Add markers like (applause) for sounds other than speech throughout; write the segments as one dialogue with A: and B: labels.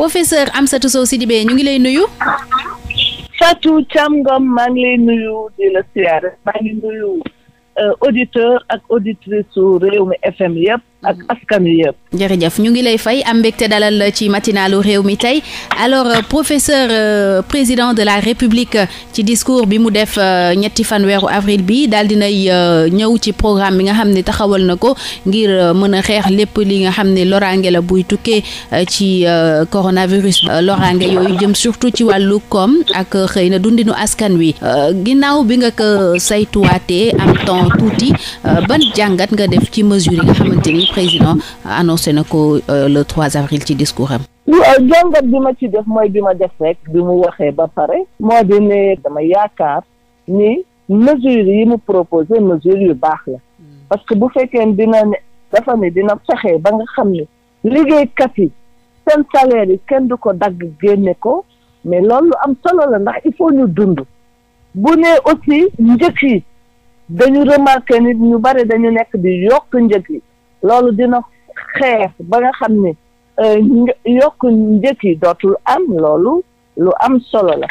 A: professeur Amsatou Sow Sidibé ñu ngi lay nuyu. Fatou Thiam Ngom maa ngi lay nuyu di la siyaare maa ngi nuyu euh, auditeur ak auditrice su Rewmi FM yëpp. ak askan wi yëpp. jërëjëf ñu ngi lay fay am mbégte dalal ci matinalu réew mi tey alors euh, professeur euh, président de la république euh, ci discours bi mu def ñetti fanweeru avril bi daal dinay ñëw ci programme bi nga xam ne taxawal na ko ngir mën a xeex lépp li nga xam ne loraange la buy tukkee ci coronavirus loraange yooyu jëm surtout ci wàllu koom ak xëy na dundi nu askan wi ginnaaw bi nga ko saytuwaatee am temps tuuti ban jàngat nga def ci mesure nga xamante président annoncé na ko euh, le 3 avril ci discours am. Euh,
B: jàngat bi ma ci def mooy bi ma def rek bi mu waxee ba pare moo di ne dama yaakaar ni mesures yi mu proposé mesures yu baax la hmm. parce que bu fekkee dina ne dafa ne dina fexe ba nga xam ne liggéeykat yi seen salaire yi kenn du ko dagg génne ko mais loolu am solo la ndax il faut ñu dund bu ne aussi njëkk yi dañu remarqué nit ñu bare dañu nekk di yokk njëkk yi loolu dina xeex ba nga xam ne euh, yokk njëkk yi dootul am loolu lu am solo la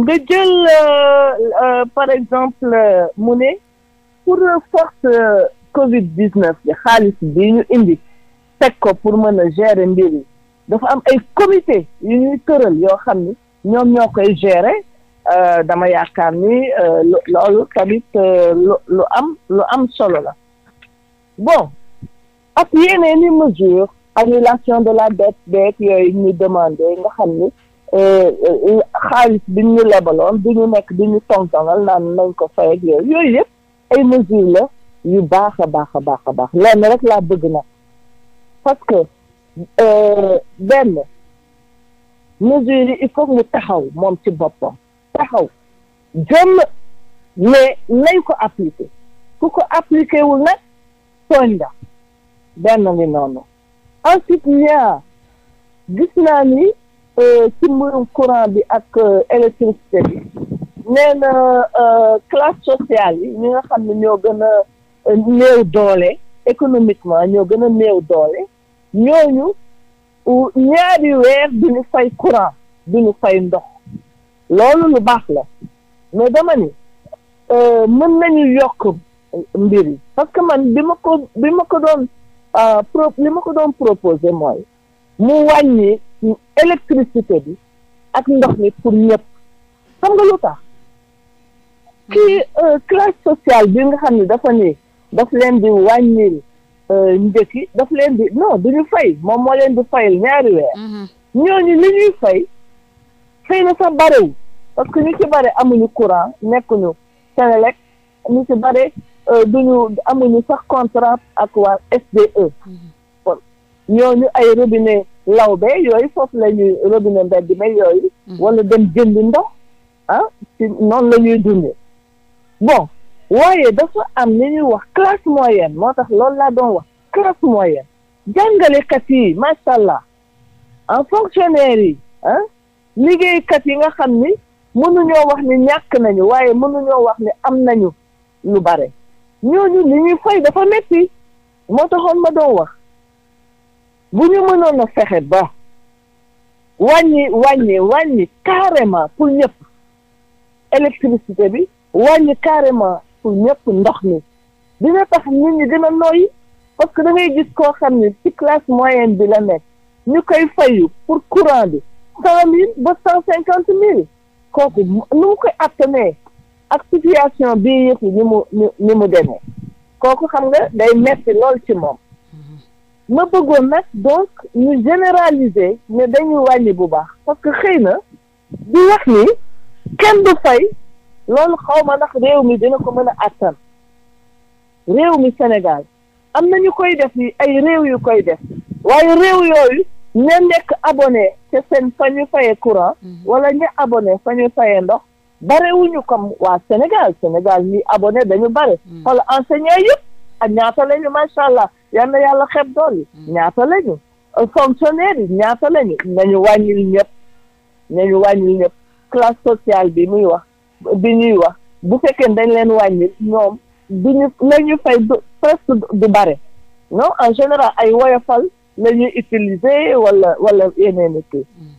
B: nga jël euh, euh, par exemple mu ne pour force covid dix-neuf bi xaalis bi ñu indi teg ko pour mën a gérer mbir dafa am ay comité yu ñuy tëral yoo xam ni ñoom ñoo koy gérer dama yaakaar ni loolu tamit lu am lu am solo la bon ak yeneen i mesures annulation de la dette beeg yooyu ñu demandé nga xam ni euh, euh, xaalis bi ñu lebaloon bu ñu nekk di ñu tontongal naan nañ ko fay ak yooyu yooyu yëpp ay mesures la yu baax a baax a baax a baax lenn rek laa bëgg nag parce que euh, benn mesures yi il faut mu taxaw moom ci boppam taxaw jëm mais nañ ko appliquer ku ko appliquer wul nag tooñ benn ngi noonu ensuite ñaar gis naa ni euh, ci mbirum courant bi ak euh, électricité bi nee euh, classe sociale yi ñi nga xam ne ñoo gën a néew doole économiquement ñoo gën a néew doole ñooñu ñaari weer du fay courant du ñu fay ndox loolu lu baax la mais dama ni mën nañu yokk mbir yi parce que man bi ma ko bi ma ko doon Euh, pro li ma ko doon proposé mooy mu wàññi électricité bi ak ndox mi pour ñëpp xam nga lu tax kii euh, classe sociale bi nga xam ne dafa ne daf leen di wàññil euh, njëkki daf leen di non duñu fay moom moo leen di fayal ñaari weer mm-hmm. ñooñu li ñuy fay fay na sax barewul parce que ñu ci bare amuñu courant nekkuñu Senelec ñu ci bare Euh, duñu amuñu sax contrat ak waa SDE. kon ñooñu ay robinet lawbe yooyu foofu la ñuy robinet mbedd mi yooyu. Mm-hmm. wala dem jëndi ndox ah ci noonu la ñuy dundee bon waaye dafa am li ñuy wax classe moyenne moo tax loolu laa doon wax classe moyenne jàngalekat yi macha allah en ah, fonctionnaire yi ah, liggéeykat yi nga xam ni mënuñoo wax ni ñàkk nañu waaye mënuñoo wax ni am nañu lu bare. ñooñu li ñuy fay dafa metti moo taxoon ma doon wax bu ñu mënoon a fexe ba wàññi wàññi wàññi carrément pour ñëpp électricité bi wàññi carrément pour ñëpp ndox mi dina tax nit ñi gën a parce que da ngay gis koo xam ne ci classe moyenne bi la nekk ñu koy fayu pour courant bi cent mille ba cent cinquante mille kooku nu mu koy attanee ak situation bii yëpp ni mu ni mu demee kooku xam nga day metti lool ci moom ma bëggoon nag donc ñu généraliser ne dañuy wàññi bu baax parce que xëy na di wax ni kenn du fay loolu xaw ma ndax réew mi dina ko mën a àttan réew mi Sénégal am na ñu koy def yi ay réew yu koy def waaye réew yooyu ña nekk abonné ca seen fa ñu fayee courant mhm. wala ña abonné fa ñu fayee ndox barewuñu comme waa Sénégal Sénégal ñi abone dañu bare wala hmm. enseignant yëpp ak ñaata lañu macha allah yal na yàlla xeeb dool yi hmm. ñaata lañu fonctionnaire yi ñaata lañu nañu wàññil ñëpp nañu wàññil ñëpp classe sociale bi muy wax bi ñuy wax bu fekkee dañ leen wàññil ñoom du ñu la ñu fay du presque du bare non en général ay woyofal la ñuy utiliser wala wala yeneen kii hmm.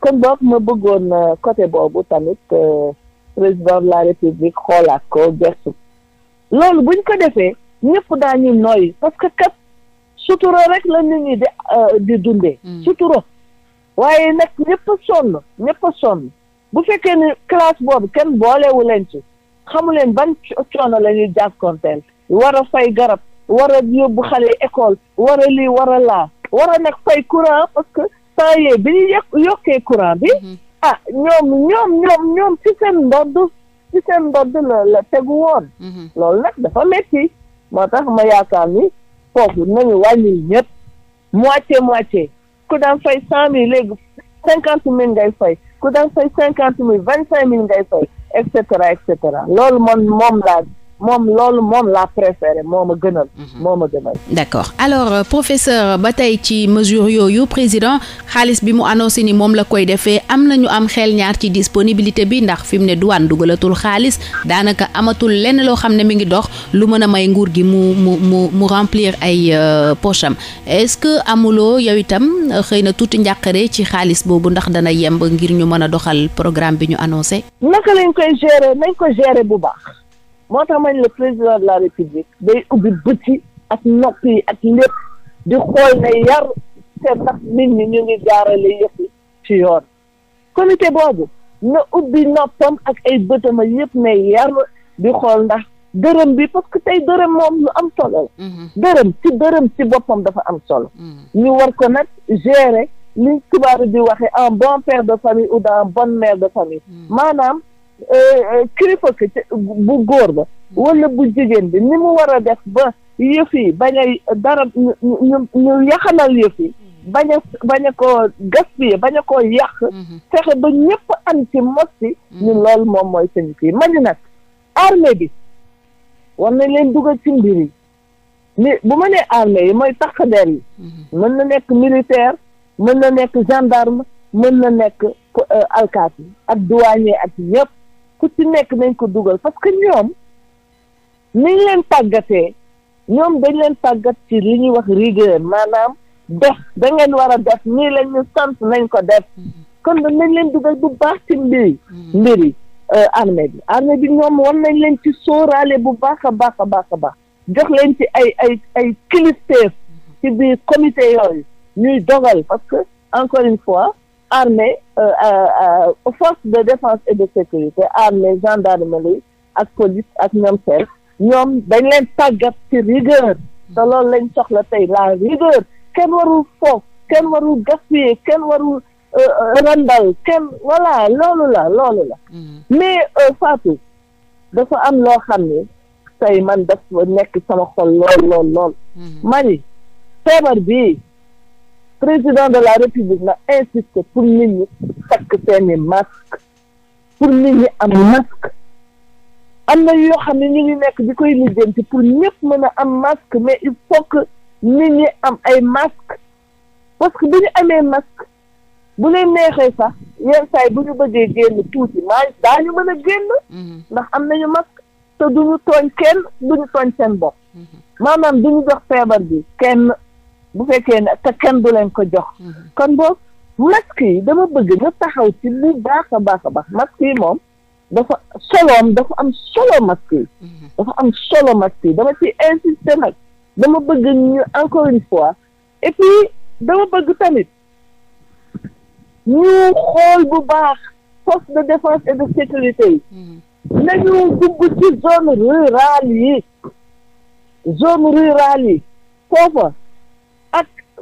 B: kon boog ma bëggoon euh, côté boobu tamit euh, président de la république xoolaat ko gëstu loolu buñ ko defee ñëpp daañu nooy parce que kat sutura rek la nit de di euh, di dundee mm. sutura waaye nag ñëpp a sonn ñëpp sonn bu fekkee ne classe boobu kenn boolewu leen ci xamu leen ban coono la ñuy jànkonteel war a fay garab war a yóbbu xale école war a lii war a laa war a nag fay courant parce que bi ñu yokkee courant bi mm-hmm. ah ñoom ñoom ñoom ñoom ci seen ndodd ci seen ndodd la la tegu woon mhm. loolu nag dafa metti moo tax ma yaakaar ni foofu nañu wàññi ñëpp moitié moitié ku daan fay cent mille léegi cinquante mille ngay fay ku daan fay cinquante mille vingt cinq mille ngay fay et cetera et cetera loolu moom moom loolu moom laa préféré moom a gënal. moo ma gënal. Mhm.
A: d' accord alors euh, professeur ba tey ci mesure yooyu président xaalis bi mu annoncé ni moom la koy defee am na ñu am xel ñaar ci disponibilité bi ndax fi mu ne duwaan dugalatul xaalis daanaka amatul lenn loo xam ne mi ngi dox lu mën a may nguur gi mu mu mu mu remplir ay euh, poche am est ce que amuloo yow itam euh, xëy na tuuti njàqare ci xaalis boobu ndax dana yemb ngir ñu mën a doxal programme bi ñu annoncé.
B: naka lañ koy moo tax ma le président de la république day ubbi bëti ak nopp ak lépp di xool ne yar te ndax nit ñi ñu ngi jaarale yëpp ci yoon comité boobu na ubbi noppam ak ay bëtama yëpp ne yar di xool ndax dërëm bi parce que tey dërëm moom lu am solo la mhm. dërëm ci dërëm ci boppam dafa am solo mhm. ñu war ko nag gérer ni tubaab di waxee en bon père de famille ou un bon mère de famille mhm. maanaam E, kilifa bu góor ba wala bu jigéen bi ni mu war a def ba yëf yi bañ a dara ñu ñu yaxanal yëf yi bañ a bañ a koo gaspiller bañ a koo yàq mm-hmm. ba ñëpp am ci mos si mm-hmm. loolu moom mooy suñu kii ma ni bi war nañ leen dugal ci mbir yi ni bu ma nee armée yi mooy takk der yi mm-hmm. na nekk militaire mën na nekk gendarme mën na nekk euh, alkaati ak douanier ak yëpp ku ci nekk nañ ko dugal parce que ñoom niñ leen tàggatee ñoom dañ leen tàggat ci li ñuy wax rigueur maanaam def dangeen war a def nii leen ñu sant nañ ko def kon nañ leen dugal bu baax ci mbiri mbiri euh, armée bi armée bi ñoom war nañ leen ci sóoraale bu baax a baax a baax a baax jox leen ci ay ay ay kilifteef ci biir comité yooyu ñuy dogal parce que encore une fois armée euh, euh, euh, force de défense et de sécurité armée gendarmerie ak police ak ñoom seen ñoom dañ leen tàggat ci rigueur te loolu lañ soxla tey la rigueur kenn warul foof ken warul gaspiller kenn warul randal kenn voilà loolu la loolu la mm-hmm. mais Fatou dafa am loo xam ne tey man dafa nekk sama xol lool lool lool mm-hmm. mani feebar bii président de la république na insiste pour nit ñi takk seeni masque pour nit ñu am masque am na yoo xam ne ñu ngi nekk di koy lijjanti pour ñëpp mën a am masque mais il faut que nit am ay masque parce que bu ñu amee masque bu lay neexee sax yenn saa yi bu ñu bëggee génn tuuti maa daañu mën a génn mhm. ndax am nañu masque te duñu tooñ kenn duñu tooñ seen bopp mhm. maanaam duñu jox kenn bu fekkee ne te kenn du leen ko jox. Mhm. kon boobu masque yi dama bëgg nga taxaw ci lu baax a baax baax masque yi moom dafa soloom dafa am solo masque yi. Mhm. dafa am solo masque dama ci insister nag dama bëgg ñu encore une fois et dama bëgg tamit ñu xool bu baax force de défense et de sécurité yi. Mhm. nañu dugg ci zone rurale yi zone rurale yi foofa.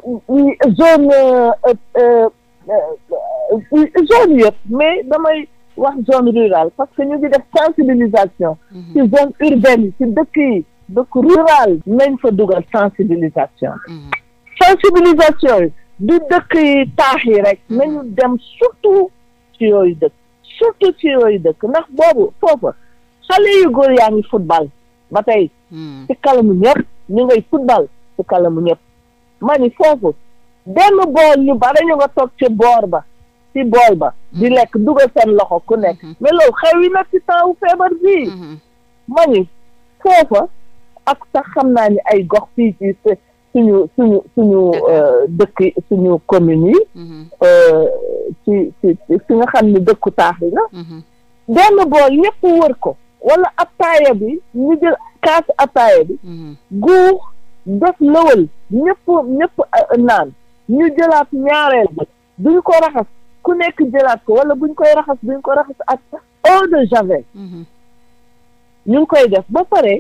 B: zone e, e, e, zone yëpp mais damay wax zone rurale parce que ñu ngi def sensibilisation mhm. zone urbaine yi dëkk yi dëkk rural nañ fa dugal sensibilisation mhm. sensibilisation yi du dëkk yi taax rek mhm. nañu dem surtout ci dëkk surtout ci dëkk ndax boobu foofa xale yu góor yaa ngi football ba tey ci kalamu ñëpp ñu ngay football ci kalamu ma ni foofu benn bool ñu ba dañu nga toog ci boor ba ci bool ba di mm-hmm. lekk dugal seen loxo ku nekk mm-hmm. mais loolu xew yi nag ci temps wu feebar bii mm-hmm. ma ni foofa ak sax xam naa ni ay gox fii ci suñu suñu suñu dëkk euh, suñu communes yi euh, ci ci ci nga xam ni dëkku taax yi la benn bool ñëpp wër ko walla attaaya bi ñu jël kaas attaaya bi guux def lëwal ñëpp ñëpp euh, naan ñu jëlaat ñaareel bi duñ ko raxas ku nekk jëlaat ko wala buñ koy raxas duñ ko raxas ak eau de javel mm-hmm. ñu ngi koy def ba pare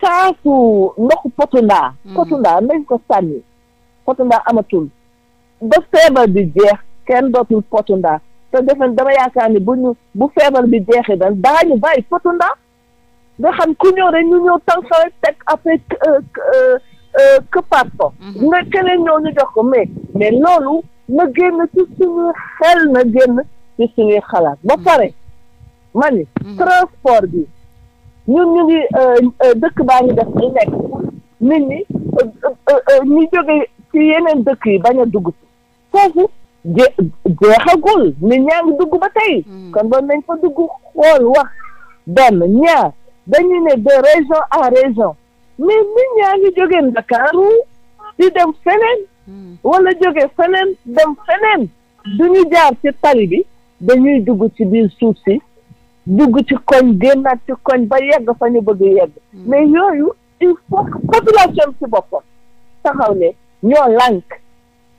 B: kaasu ndoxu potundaa mm-hmm. potundaa nañ ko sànni potundaa amatul ba feebar bi jeex kenn dootul potundaa te defen dama yaakaar bu ñu bu feebar bi jeexee daal daañu bàyyi potundaa nga xam ku ñëw rek ñu ñëw tension rek teg après këppaat ko nga keneen ñëw ñu jox ko mais mais loolu na génn ci xel na génn ci suñuy xalaat ba mhm. pare ma ni mhm. transport bi ñun ñu ngi euh, euh, dëkk baa ngi def ñu nekk nit ñi euh, ñu jóge ci yeneen dëkk yi bañ a dugg ci foofu je jeexagul nit ñaa ngi dugg ba tey mhm. kon nañ fa dugg xool wax benn ñaar dañu ne de région en région mais nit ñaa ngi jóge Ndakaaru di dem feneen wala jóge feneen dem feneen duñu jaar ci tali bi dañuy dugg ci biir suuf si dugg ci koñ génnaat ci koñ ba yegg fa ñu bëgg yegg hmm. mais yooyu il faut que population ci boppam taxaw ne ñoo lank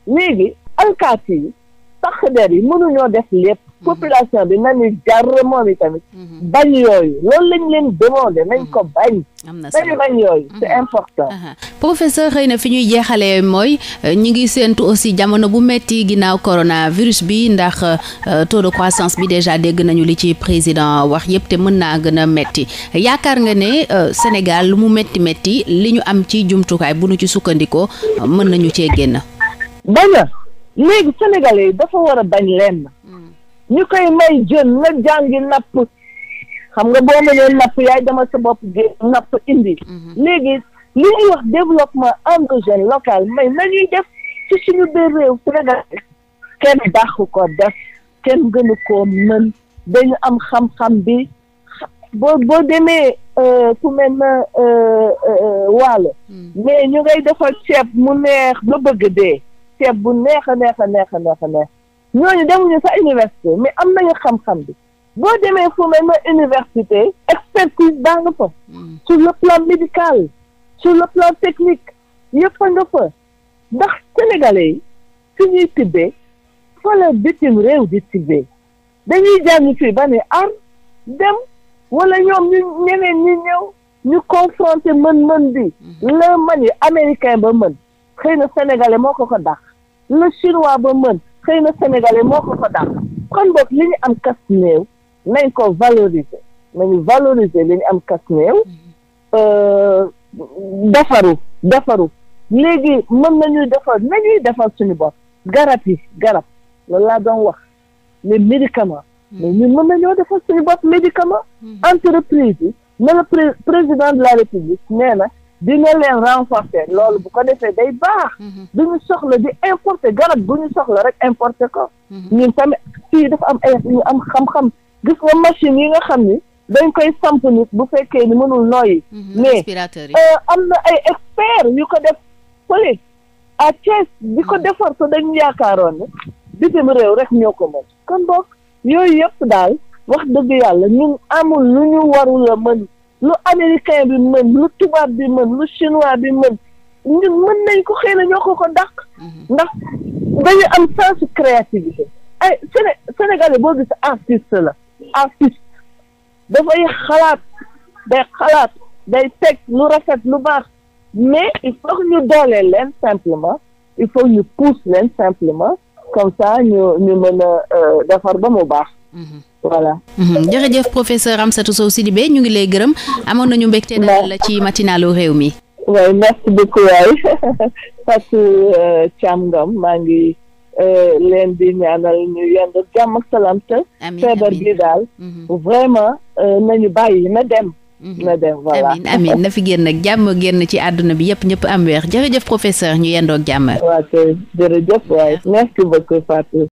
B: léegi alkaati yi takk der yi mënuñoo def lépp. Mhm. population bi nañu jar moom itamit. Mhm. bañ yooyu loolu lañ leen demandé nañ ko mhm. bañ. am na solo
A: xëy na fi ñuy jeexalee mooy euh, ñi ngi séentu aussi jamono bu metti ginnaaw coronavirus bi ndax euh, taux de croissance bi déjà dégg nañu li ci président wax yépp te mën naa gën a metti yaakaar nga ne euh, Sénégal lu mu metti metti li ñu am ci jumtukaay bu nu ci sukkandikoo mën nañu cee génn. léegi sénégalais yi dafa war
B: a bañ lenn hmm. ñu koy may jën nga jàngi napp xam nga boo mënee napp yaay dama sa bopp géej napp indi hmm. léegi li ñuy wax développement endogène local may na nañuy def ci suñu de réew sénégal kenn dàqu ko def kenn gënu koo mën dañu am xam-xam bi boo boo demee euh, ku mel na euh, euh, waalo hmm. mais ñu ngay defar ceeb mu neex ba bëgg dee ceeb bu neex a neex a neex a neex a neex ñooñu demuñu sa université mais am nañu xam-xam bi boo demee fu mel na université expertise baa nga fa hmm. sur le plan médical sur le plan technique yëpp nga fa ndax sénégalais yi fi ñuy tibbee fa bitim réew di tibbee dañuy jàng fii ba ne ar dem wala ñoom ñu ñeneen ñi ñëw ñu confronter mën-mën bi hmm. la mën yi américain ba mën xëy na sénégalais moo ko ko dàq le chinois ba mën xëy na sénégalais moo ko fa dàq kon boog li ñu am kas néew nañ ko valoriser nañu valoriser li ñu am kas néew euh, defaru defaru léegi mën nañuy defar nañuy defar suñu bopp garab yi garab loolu laa doon wax les wa hmm. mais ñun mën nañoo defar suñu bopp médicament hmm. entreprise yi ne le président de la république nee na dina leen renforcer loolu bu ko defee day baax mhm. du ñu soxla di importer garab bu ñu soxla rek importer ko mhm. ñun tamit fii dafa am ay am xam-xam gis nga machine yi nga xam ni dañ koy samp nit bu fekkee ni mënul nooyi mhm, mais euh, am na ay expert yu ko def fële à Thiès di ko defar ko dañu yaakaaroon ne bitim réew rek ñoo ko mën kon boog yooyu yëpp daal wax dëgg yàlla ñun amul lu ñu warul a mën lu américain bi mën lu tubaab bi mën lu chinois bi mën ñun mën nañ ko xëy na ñoo ko ko dàq mm-hmm. ndax dañu am sensu créativité ay Séné Sénégalais boo gis artiste la artiste dafay xalaat day xalaat day teg lu rafet lu baax mais il faut que ñu dooleel leen simplement il faut ñu pousse leen simplement comme ça ñu ñu mën a euh, defar ba mu baax
A: voilà. Mhm. jërëjëf professeur Amsatou Sow Sidibé ñu ngi lay gërëm amoon nañu mbégte daal la ci matinalu réew mi. waaye merci beaucoup waay
B: (laughs) Fatou euh, Thiam Ngom maa ngi euh, leen di ñaanal ñu yend jàmm ak salaam feebar bi daal mhm. vraiment euh, nañu bàyyi na dem mhm. na dem voilà
A: amin na fi génn jàmm génn ci àdduna bi yëpp ñëpp am weer jërëjëf professeur ñu yendoog jàmm